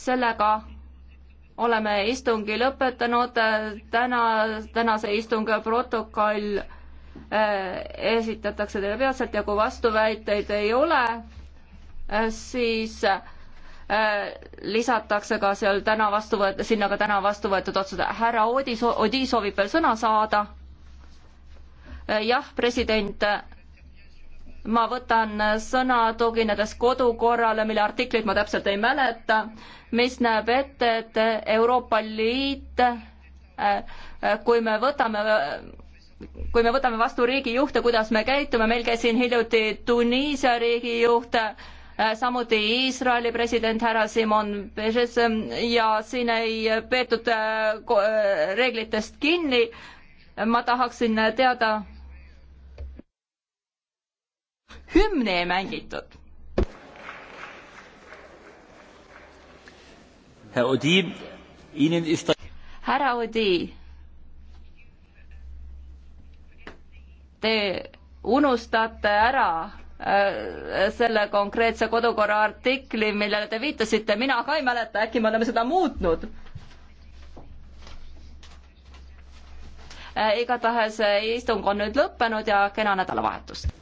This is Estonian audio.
sellega oleme istungi lõpetanud, täna, tänase istungi protokoll eh, esitatakse teile peatselt ja kui vastuväiteid ei ole, eh, siis eh, lisatakse ka seal täna vastu võet-, sinna ka täna vastu võetud otsused. härra Odi, Odi soovib veel sõna saada. jah, president ma võtan sõna tuginedes kodukorrale, mille artiklit ma täpselt ei mäleta, mis näeb ette, et Euroopa Liit, äh, kui me võtame kui me võtame vastu riigijuhte, kuidas me käitume, meil käis siin hiljuti Tuniisia riigijuht, äh, samuti Iisraeli president härra Simon Peres äh, ja siin ei peetud reeglitest kinni. ma tahaksin teada, hümni ei mängitud. härra Odi, te unustate ära äh, selle konkreetse kodukorra artikli, millele te viitasite, mina ka ei mäleta, äkki me oleme seda muutnud. Äh, igatahes äh, istung on nüüd lõppenud ja kena nädalavahetust